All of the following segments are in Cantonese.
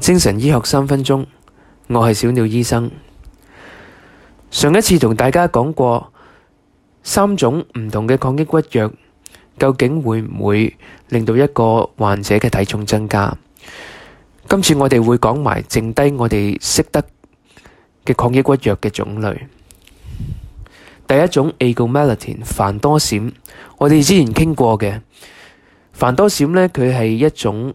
精神醫學三分鐘，我係小鳥醫生。上一次同大家講過三種唔同嘅抗抑鬱藥，究竟會唔會令到一個患者嘅體重增加？今次我哋會講埋剩低我哋識得嘅抗抑鬱藥嘅種類。第一種 Agomelatine，凡多閃，我哋之前傾過嘅。凡多閃呢，佢係一種。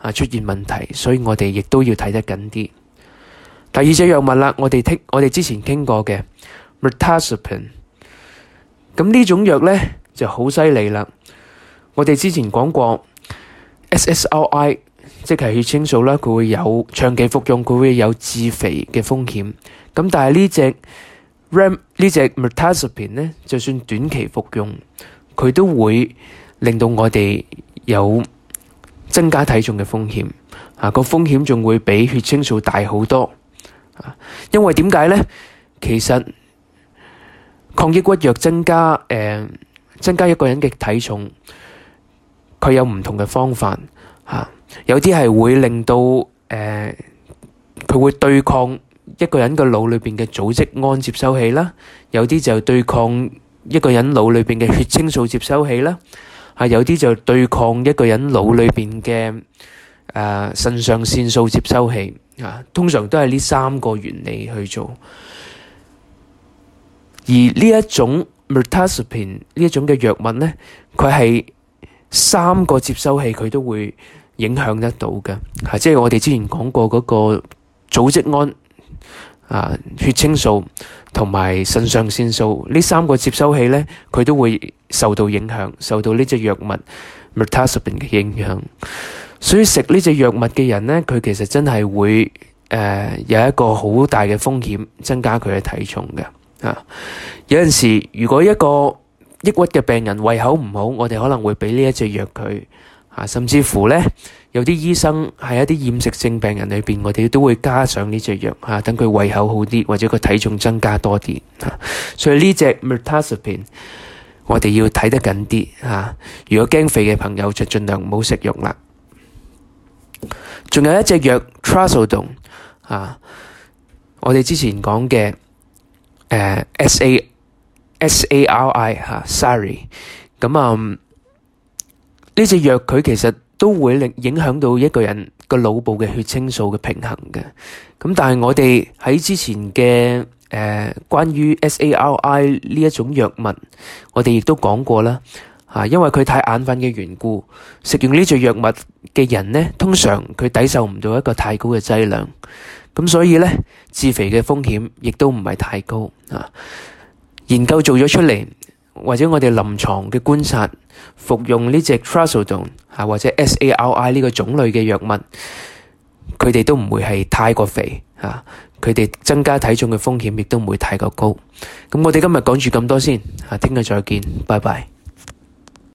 啊！出現問題，所以我哋亦都要睇得緊啲。第二隻藥物啦，我哋聽，我哋之前傾過嘅 Mirtazapine。咁呢種藥咧就好犀利啦。我哋之前講過 SSRI，即係血清素啦，佢會有長期服用佢會有致肥嘅風險。咁但係呢隻 Ram 呢隻 Mirtazapine 呢，就算短期服用，佢都會令到我哋有。增加體重嘅風險，啊，個風險仲會比血清素大好多，啊，因為點解咧？其實抗抑鬱藥增加誒、呃，增加一個人嘅體重，佢有唔同嘅方法，啊、有啲係會令到誒，佢、呃、會對抗一個人嘅腦裏邊嘅組織胺接收器啦、啊，有啲就對抗一個人腦裏邊嘅血清素接收器啦。啊係有啲就對抗一個人腦裏邊嘅誒腎上腺素接收器啊，通常都係呢三個原理去做。而呢一種 mirtazapine 呢一種嘅藥物咧，佢係三個接收器佢都會影響得到嘅。嚇，即係我哋之前講過嗰個組織胺。血清素同埋腎上腺素呢三個接收器呢，佢都會受到影響，受到呢隻藥物 Mirtazapine 嘅影響。所以食呢隻藥物嘅人呢，佢其實真係會、呃、有一個好大嘅風險，增加佢嘅體重嘅。啊，有陣時如果一個抑鬱嘅病人胃口唔好，我哋可能會俾呢一隻藥佢。甚至乎呢，有啲醫生喺一啲厭食症病人裏面，我哋都會加上呢隻藥，等佢胃口好啲，或者個體重增加多啲。所以呢隻 metaspin，我哋要睇得緊啲。如果驚肥嘅朋友就盡量唔好食用啦。仲有一隻藥 trazodone，啊，我哋之前講嘅 s a s a r i sari，咁啊。S a s a r I, 啊 Sorry 呢隻藥佢其實都會令影響到一個人個腦部嘅血清素嘅平衡嘅，咁但係我哋喺之前嘅誒、呃、關於 SARI 呢一種藥物，我哋亦都講過啦，吓因為佢太眼瞓嘅緣故，食完呢隻藥物嘅人呢，通常佢抵受唔到一個太高嘅劑量，咁所以呢，致肥嘅風險亦都唔係太高啊。研究做咗出嚟。或者我哋臨床嘅觀察，服用呢隻 trazodone 啊，或者 SARI 呢個種類嘅藥物，佢哋都唔會係太過肥啊，佢哋增加體重嘅風險亦都唔會太過高。咁我哋今日講住咁多先，啊，聽日再見，拜拜。